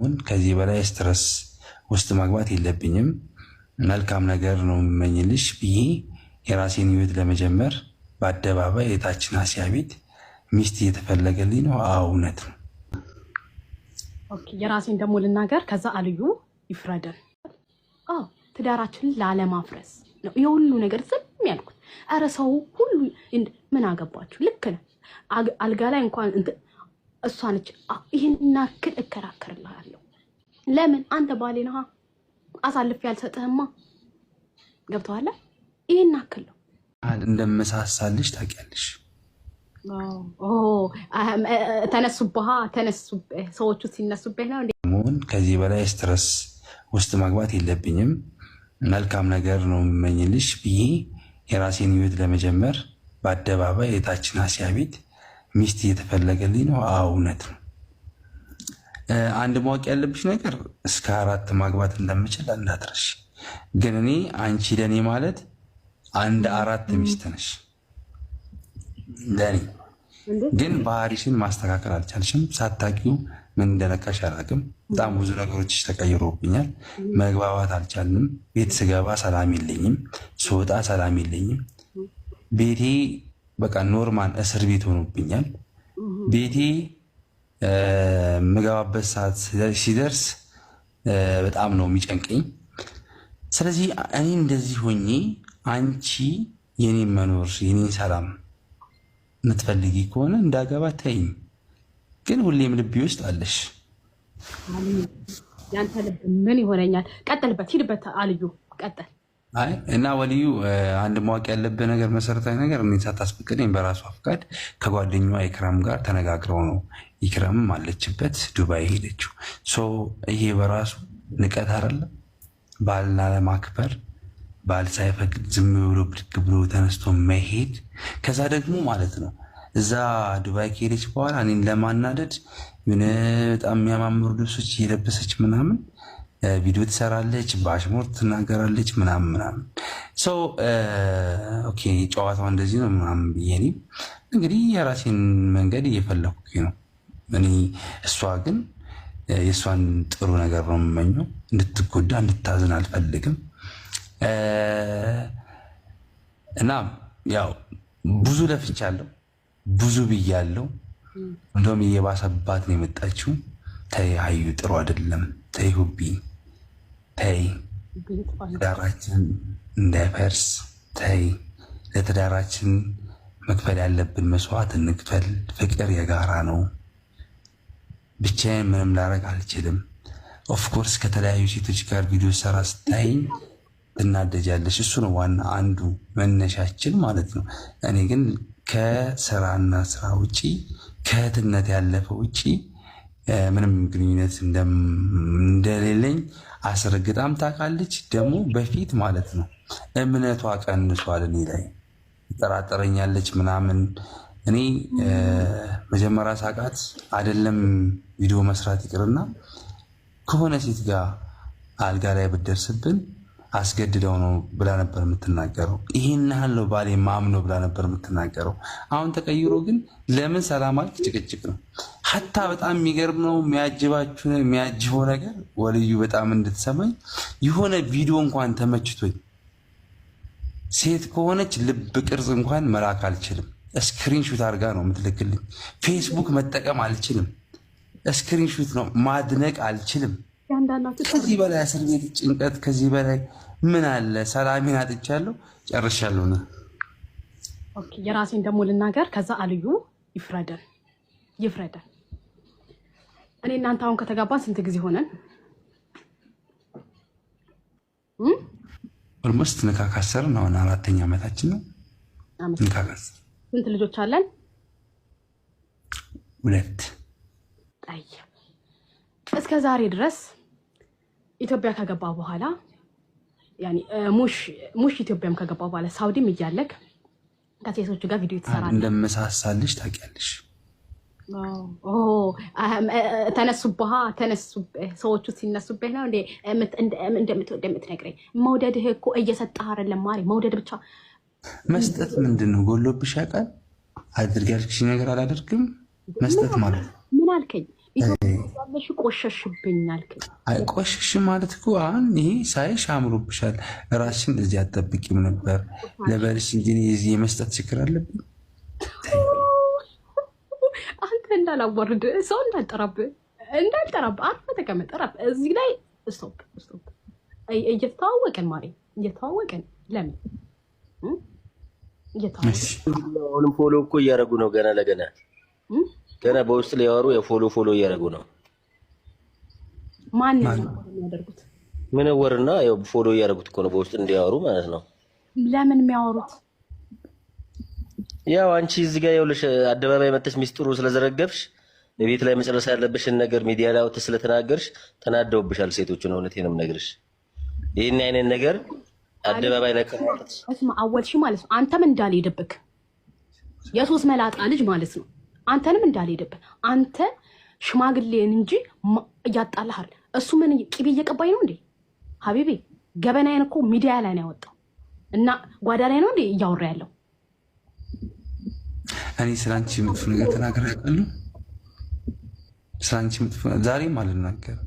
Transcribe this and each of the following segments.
አሁን ከዚህ በላይ ስትረስ ውስጥ መግባት የለብኝም፣ መልካም ነገር ነው የምመኝልሽ ብዬ የራሴን ህይወት ለመጀመር በአደባባይ የታችን አሲያ ቤት ሚስት እየተፈለገልኝ ነው። እውነት ነው። የራሴን ደግሞ ልናገር። ከዛ አልዩ ይፍረደን። ትዳራችንን ላለማፍረስ ነው የሁሉ ነገር ዝም ያልኩት። ኧረ ሰው ሁሉ ምን አገባችሁ? ልክ ነህ። አልጋ ላይ እንኳን እሷ ነች። ይህን ያክል እከራከርልሃለሁ። ለምን አንተ ባሌ ነሃ? አሳልፌ ያልሰጥህማ። ገብተዋለ። ይህን ያክል ነው። እንደመሳሳልሽ ታውቂያለሽ። ተነሱብሃ ተነሱ። ሰዎቹ ሲነሱብህ ነው መሆን። ከዚህ በላይ ስትረስ ውስጥ መግባት የለብኝም። መልካም ነገር ነው የምመኝልሽ ብዬ የራሴን ህይወት ለመጀመር በአደባባይ የታችን አስያ ቤት ሚስት እየተፈለገልኝ ነው። እውነት ነው። አንድ ማወቅ ያለብሽ ነገር እስከ አራት ማግባት እንደምችል እንዳትረሽ። ግን እኔ አንቺ ለእኔ ማለት አንድ አራት ሚስት ነሽ ለእኔ። ግን ባህሪሽን ማስተካከል አልቻልሽም። ሳታቂው ምን እንደነካሽ አላውቅም። በጣም ብዙ ነገሮች ተቀይሮብኛል። መግባባት አልቻልንም። ቤት ስገባ ሰላም የለኝም፣ ስወጣ ሰላም የለኝም። ቤቴ በቃ ኖርማል እስር ቤት ሆኖብኛል። ቤቴ የምገባበት ሰዓት ሲደርስ በጣም ነው የሚጨንቀኝ። ስለዚህ እኔ እንደዚህ ሆኜ አንቺ የኔን መኖር የኔን ሰላም የምትፈልጊ ከሆነ እንዳገባ ተይኝ። ግን ሁሌም ልቤ ውስጥ አለሽ። ያንተ ልብ ምን ይሆነኛል? ቀጥልበት፣ ሂድበት። አልዩ ቀጥል እና ወልዩ አንድ ማወቅ ያለብህ ነገር መሰረታዊ ነገር እኔን ሳታስፈቅደኝ በራሷ ፍቃድ ከጓደኛዋ ኢክራም ጋር ተነጋግረው ነው ኢክራምም አለችበት ዱባይ ሄደችው። ይሄ በራሱ ንቀት አይደለም? ባልና ለማክበር ባል ሳይፈቅድ ዝም ብሎ ብድግ ብሎ ተነስቶ መሄድ። ከዛ ደግሞ ማለት ነው እዛ ዱባይ ከሄደች በኋላ እኔን ለማናደድ ምን በጣም የሚያማምሩ ልብሶች እየለበሰች ምናምን ቪዲዮ ትሰራለች፣ በአሽሙር ትናገራለች ምናምን ምናምን ሰው ኦኬ ጨዋታው እንደዚህ ነው ምናምን ብዬ እንግዲህ የራሴን መንገድ እየፈለኩ ነው። እኔ እሷ ግን የእሷን ጥሩ ነገር ነው የምመኘው። እንድትጎዳ እንድታዝን አልፈልግም። እና ያው ብዙ ለፍቻለሁ፣ ብዙ ብያለሁ። እንደውም እየባሰባት ነው የመጣችው። ተይ ሀዩ ጥሩ አይደለም፣ ተይ ሁቢ ተይ ትዳራችን እንዳይፈርስ ተይ። ለትዳራችን መክፈል ያለብን መስዋዕት እንክፈል። ፍቅር የጋራ ነው። ብቻዬን ምንም ላረግ አልችልም። ኦፍኮርስ ከተለያዩ ሴቶች ጋር ቪዲዮ ሰራ ስታይኝ ትናደጃለች እሱ ነው ዋና አንዱ መነሻችን ማለት ነው። እኔ ግን ከስራና ስራ ውጪ ከእህትነት ያለፈ ውጪ ምንም ግንኙነት እንደሌለኝ አስረግጣም ታውቃለች። ደግሞ በፊት ማለት ነው እምነቷ ቀንሷል እኔ ላይ ትጠራጠረኛለች ምናምን። እኔ መጀመሪያ ሳውቃት አይደለም ቪዲዮ መስራት ይቅርና ከሆነ ሴት ጋር አልጋ ላይ ብደርስብን አስገድደው ነው ብላ ነበር የምትናገረው። ይህን ያህል ነው ባሌ ማምነው ብላ ነበር የምትናገረው። አሁን ተቀይሮ ግን ለምን ሰላማዊ ጭቅጭቅ ነው ሀታ በጣም የሚገርም ነው የሚያጅባችሁ የሚያጅበው ነገር ወልዩ በጣም እንድትሰማኝ የሆነ ቪዲዮ እንኳን ተመችቶኝ ሴት ከሆነች ልብ ቅርጽ እንኳን መላክ አልችልም። ስክሪንሹት አድርጋ ነው የምትልክልኝ። ፌስቡክ መጠቀም አልችልም። ስክሪንሹት ነው ማድነቅ አልችልም። ከዚህ በላይ እስር ቤት ጭንቀት፣ ከዚህ በላይ ምን አለ? ሰላሜን አጥቻለሁ። ጨርሻለሁ። የራሴን ደግሞ ልናገር። ከዛ አልዩ ይፍረደን፣ ይፍረደን። እኔ እናንተ አሁን ከተጋባን ስንት ጊዜ ሆነን? ኦልሞስት ንካ ነው አሁን አራተኛ ዓመታችን ነው። ንካ ካሰርን ስንት ልጆች አለን? ሁለት። ጠይ እስከ ዛሬ ድረስ ኢትዮጵያ ከገባ በኋላ ሙሽ ኢትዮጵያም ከገባ በኋላ ሳውዲም እያለክ ከሴቶች ጋር ቪዲዮ ትሰራለህ። እንደመሳሳልሽ ታውቂያለሽ ተነሱብሃ ተነሱብህ ሰዎቹ ሲነሱብህ ነው እንደምትወደ የምትነግረኝ። መውደድህ እኮ እየሰጠህ አይደለም ማሪ። መውደድ ብቻ መስጠት ምንድን ነው? ጎሎብሽ ያውቃል። አድርግ ያልክሽ ነገር አላደርግም መስጠት ማለት ነው። ምን አልከኝ? ኢትዮጵያለሽ ቆሸሽብኝ አልከኝ። ቆሸሽ ማለት እኮ አሁን ይሄ ሳይሽ አምሮብሻል። ራስሽን እዚህ አጠብቂም ነበር ለበልሽ እንጂ የመስጠት ችግር አለብኝ እንዳላወርድ ሰው እንዳልጠራብህ እንዳልጠራብህ አርፈ ተቀመጥ። እረፍ። እዚህ ላይ ስቶፕ ስቶፕ። እየተዋወቅን ማሬ፣ እየተዋወቅን ለምን እየተዋወቅን ፎሎ እኮ እያደረጉ ነው ገና ለገና ገና በውስጥ ሊያወሩ የፎሎ ፎሎ እያደረጉ ነው። ማን የሚያደርጉት? ምን ወርና ፎሎ እያደረጉት እኮ ነው በውስጥ እንዲያወሩ ማለት ነው። ለምን የሚያወሩት ያው አንቺ እዚህ ጋር ይኸውልሽ አደባባይ መጥተሽ ሚስጥሩ ስለዘረገብሽ ቤት ላይ መጨረሻ ያለብሽን ነገር ሚዲያ ላይ አውጥተሽ ስለተናገርሽ ተናደውብሻል ሴቶቹ። ነው እውነቴን ነው የምነግርሽ። ይህን አይነት ነገር አደባባይ ላይ ከማውጣት እስማ አወልሽ ማለት ነው። አንተም እንዳልሄድብህ የሶስት መላጣ ልጅ ማለት ነው። አንተንም እንዳልሄድብህ አንተ ሽማግሌን እንጂ እያጣላሃል። እሱ ምን ቂቤ እየቀባኝ ነው እንዴ? ሀቢቤ ገበናዬን እኮ ሚዲያ ላይ ነው ያወጣው እና ጓዳ ላይ ነው እንዴ እያወራ ያለው እኔ ስላንቺ መጥፎ ነገር ተናግሬ አውቃለሁ? ስላንቺ መጥፎ ዛሬም አልናገርም።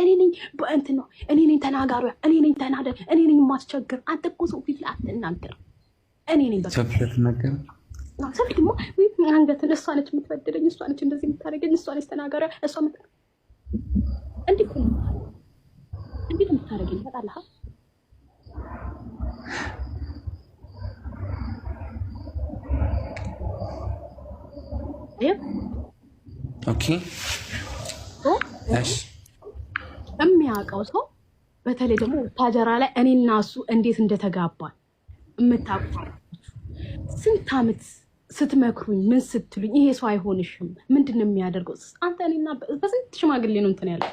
እኔ ነኝ ነው እኔ ነኝ ተናጋሪ፣ እኔ ነኝ ተናደ፣ እኔ ነኝ የማስቸግር። አንተ እኮ ሰው ፊት እኔ ነኝ ሰው ደግሞ አንገትን እሷ ነች የምትበድለኝ፣ እሷ ነች እንደዚህ የምታደርገኝ፣ እሷ ነች ተናጋሪ፣ እሷ የምታደርገኝ? የሚያውቀው ሰው በተለይ ደግሞ ታጀራ ላይ እኔና እሱ እንዴት እንደተጋባል የምታቋ ስንት ዓመት ስትመክሩኝ ምን ስትሉኝ ይሄ ሰው አይሆንሽም፣ ምንድን ነው የሚያደርገው አንተ እኔና በስንት ሽማግሌ ነው እንትን ያለ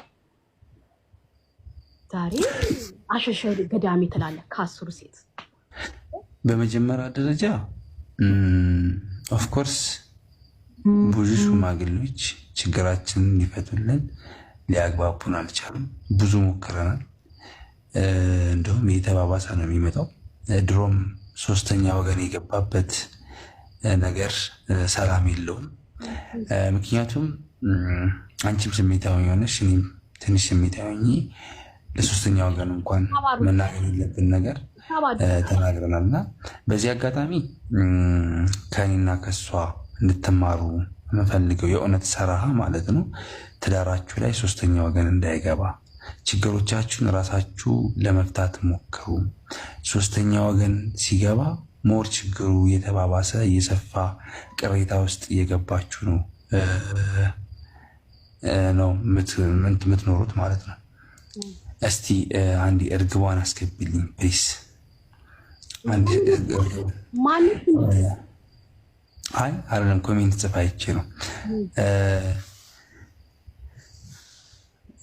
ዛሬ አሸሸ ገዳሜ ትላለህ ከአስሩ ሴት በመጀመሪያ ደረጃ ኦፍኮርስ ብዙ ሽማግሌዎች ችግራችንን ሊፈቱልን ሊያግባቡን አልቻሉም። ብዙ ሞክረናል። እንዲሁም የተባባሰ ነው የሚመጣው። ድሮም ሶስተኛ ወገን የገባበት ነገር ሰላም የለውም። ምክንያቱም አንቺም ስሜታዊ የሆነሽ እኔም ትንሽ ስሜታዊ ሆኜ ለሶስተኛ ወገን እንኳን መናገር የለብን ነገር ተናግረናል እና በዚህ አጋጣሚ ከኔና ከሷ እንድትማሩ የምፈልገው የእውነት ሰራሃ ማለት ነው። ትዳራችሁ ላይ ሶስተኛ ወገን እንዳይገባ ችግሮቻችሁን ራሳችሁ ለመፍታት ሞክሩ። ሶስተኛ ወገን ሲገባ ሞር ችግሩ እየተባባሰ እየሰፋ ቅሬታ ውስጥ እየገባችሁ ነው ነው የምትኖሩት ማለት ነው። እስቲ አንድ እርግቧን አስገቢልኝ ፕሊስ። አይ አይደለም፣ ኮሜንት ጽፋ አይቼ ነው።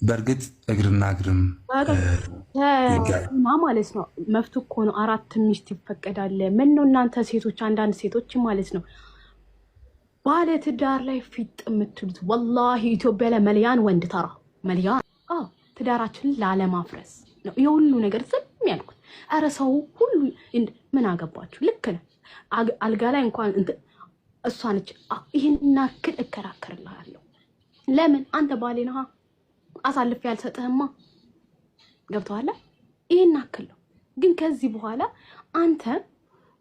በእርግጥ እግርና እግርም ማለት ነው መፍቱ እኮ ነው። አራት ሚስት ይፈቀዳል። ምን ነው እናንተ ሴቶች፣ አንዳንድ ሴቶች ማለት ነው ባለ ትዳር ላይ ፊጥ የምትሉት ወላሂ፣ ኢትዮጵያ ላይ መልያን ወንድ ተራ መልያን ትዳራችንን ላለማፍረስ ነው የሁሉ ነገር ዝም ያልኩት። ኧረ ሰው ሁሉ ምን አገባችሁ? ልክ ነህ። አልጋ ላይ እንኳን እሷ ነች። ይህን ክል እከራከርልሃለሁ። ለምን አንተ ባሌ ነሃ፣ አሳልፌ ያልሰጥህማ። ገብተዋለ። ይህን ክል ነው። ግን ከዚህ በኋላ አንተ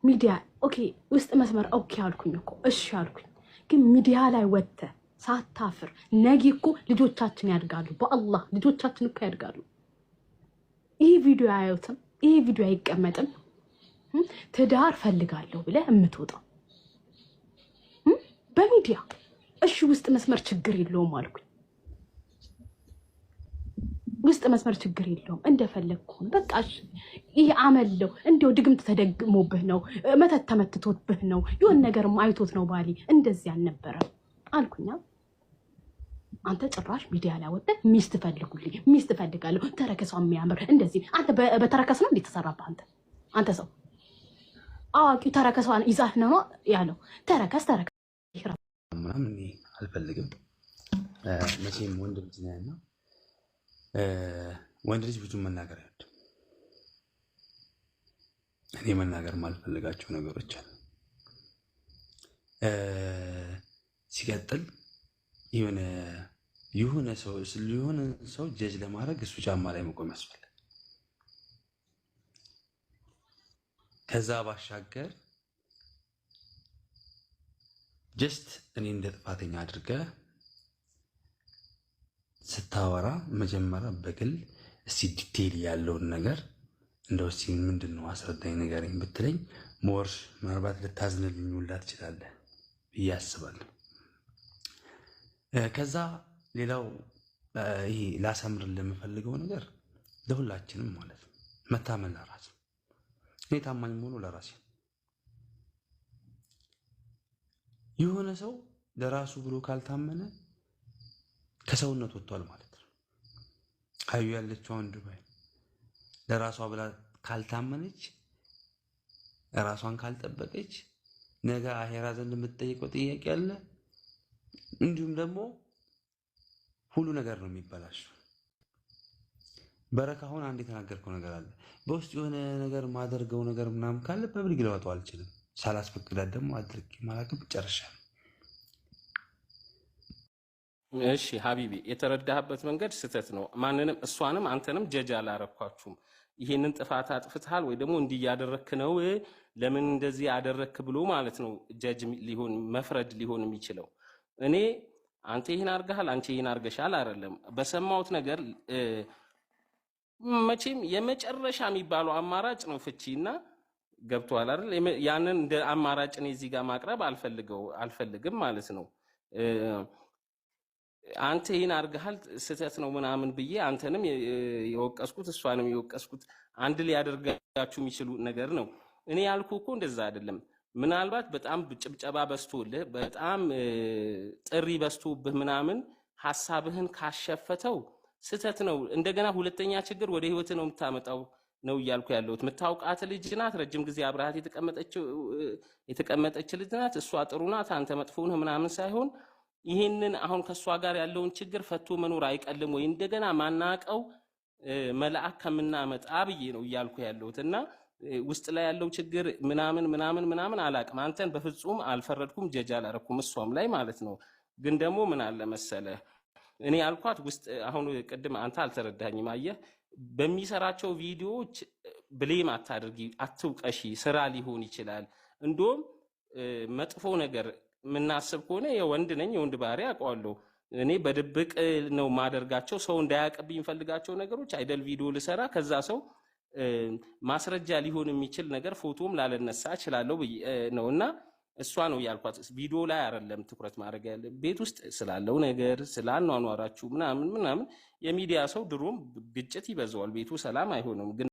ሚዲያ ኦኬ፣ ውስጥ መስመር ኦኬ አልኩኝ እኮ እሺ አልኩኝ። ግን ሚዲያ ላይ ወጥተ ሳታፍር ነጊ እኮ ልጆቻችን ያድጋሉ። በአላህ ልጆቻችን እኮ ያድጋሉ። ይህ ቪዲዮ አያዩትም፣ ይህ ቪዲዮ አይቀመጥም። ትዳር ፈልጋለሁ ብለ የምትወጣው በሚዲያ እሺ፣ ውስጥ መስመር ችግር የለውም አልኩኝ። ውስጥ መስመር ችግር የለውም እንደፈለግ በቃ ይህ አመለው እንዲው ድግምት ተደግሞብህ ነው፣ መተት ተመትቶብህ ነው፣ የሆን ነገርም አይቶት ነው ባሌ እንደዚህ አልነበረም አልኩኛ። አንተ ጭራሽ ሚዲያ ላይ ወጥተህ ሚስት ፈልጉልኝ፣ ሚስት እፈልጋለሁ፣ ተረከሷ የሚያምር እንደዚህ። አንተ በተረከስ ነው እንዴት ተሰራብህ? አንተ አንተ ሰው አዋቂው ተረከሷን ይዛህ ነው ያለው። ተረከስ ተረከስ ምናምን እኔ አልፈልግም። መቼም ወንድ ልጅ ነው እና ወንድ ልጅ ብዙ መናገር አይወድም። እኔ መናገር ማልፈልጋቸው ነገሮች አሉ። ሲቀጥል የሆነ የሆነ ሰው የሆነ ሰው ጀጅ ለማድረግ እሱ ጫማ ላይ መቆም ያስፈልግ። ከዛ ባሻገር ጀስት እኔ እንደ ጥፋተኛ አድርገ ስታወራ መጀመሪያ በግል እስቲ ዲቴይል ያለውን ነገር እንደው እስቲ ምንድን ነው አስረዳኝ ንገረኝ ብትለኝ ሞር ምናልባት ልታዝንልኝ ውላ ትችላለህ ብዬ አስባለሁ። ከዛ ሌላው ይሄ ላሰምር ለምፈልገው ነገር ለሁላችንም ማለት ነው መታመን ለራስ እኔ ታማኝ መሆኑ ለራሴ የሆነ ሰው ለራሱ ብሎ ካልታመነ ከሰውነት ወጥቷል ማለት ነው። ሀዩ ያለችው አሁን ዱባይ ለራሷ ብላ ካልታመነች ራሷን ካልጠበቀች ነገ አሄራ ዘንድ የምትጠይቀው ጥያቄ አለ። እንዲሁም ደግሞ ሁሉ ነገር ነው የሚበላሽ። በረካ አሁን አንድ የተናገርከው ነገር አለ። በውስጥ የሆነ ነገር ማደርገው ነገር ምናምን ካለ በብድግ ለወጣው አልችልም ሳላስፈቅዳት ደግሞ አድርጌ ማላቅም ጨርሻለሁ። እሺ ሀቢቢ የተረዳህበት መንገድ ስህተት ነው። ማንንም እሷንም አንተንም ጀጅ አላረኳችሁም። ይህንን ጥፋት አጥፍትሃል ወይ ደግሞ እንዲህ እያደረክ ነው ለምን እንደዚህ አደረክ ብሎ ማለት ነው ጀጅ ሊሆን መፍረድ ሊሆን የሚችለው እኔ አንተ ይህን አርገሃል፣ አንቺ ይህን አርገሻል አይደለም። በሰማሁት ነገር መቼም የመጨረሻ የሚባለው አማራጭ ነው ፍቺ እና ገብቷል አይደል? ያንን እንደ አማራጭ እኔ እዚህ ጋር ማቅረብ አልፈልገው አልፈልግም ማለት ነው። አንተ ይህን አድርገሃል ስህተት ነው ምናምን ብዬ አንተንም የወቀስኩት እሷንም የወቀስኩት አንድ ሊያደርጋችሁ የሚችሉ ነገር ነው። እኔ ያልኩ እኮ እንደዛ አይደለም። ምናልባት በጣም ጭብጨባ በስቶልህ በጣም ጥሪ በስቶብህ ምናምን ሀሳብህን ካሸፈተው ስህተት ነው። እንደገና ሁለተኛ ችግር ወደ ህይወት ነው የምታመጣው። ነው እያልኩ ያለሁት። የምታውቃት ልጅ ናት፣ ረጅም ጊዜ አብረሃት የተቀመጠች ልጅ ናት። እሷ ጥሩ ናት፣ አንተ መጥፎን ምናምን ሳይሆን ይህንን አሁን ከእሷ ጋር ያለውን ችግር ፈቶ መኖር አይቀልም ወይ? እንደገና ማናቀው መልአክ ከምናመጣ ብዬ ነው እያልኩ ያለሁት እና ውስጥ ላይ ያለው ችግር ምናምን ምናምን ምናምን አላቅም። አንተን በፍጹም አልፈረድኩም፣ ጀጅ አላረኩም፣ እሷም ላይ ማለት ነው። ግን ደግሞ ምን አለ መሰለህ እኔ ያልኳት ውስጥ አሁን ቅድም አንተ አልተረዳኝም። አየህ በሚሰራቸው ቪዲዮዎች ብሌም አታድርጊ፣ አትውቀሺ። ስራ ሊሆን ይችላል። እንዲሁም መጥፎ ነገር የምናስብ ከሆነ የወንድ ነኝ የወንድ ባህሪ አውቀዋለሁ። እኔ በድብቅ ነው ማደርጋቸው ሰው እንዳያውቅብኝ የምፈልጋቸው ነገሮች አይደል ቪዲዮ ልሰራ ከዛ ሰው ማስረጃ ሊሆን የሚችል ነገር ፎቶም ላለነሳ እችላለሁ ነው እና እሷ ነው ያልኳት። ቪዲዮ ላይ አይደለም ትኩረት ማድረግ ያለ ቤት ውስጥ ስላለው ነገር ስላኗኗራችሁ ምናምን ምናምን። የሚዲያ ሰው ድሮም ግጭት ይበዛዋል፣ ቤቱ ሰላም አይሆንም ግን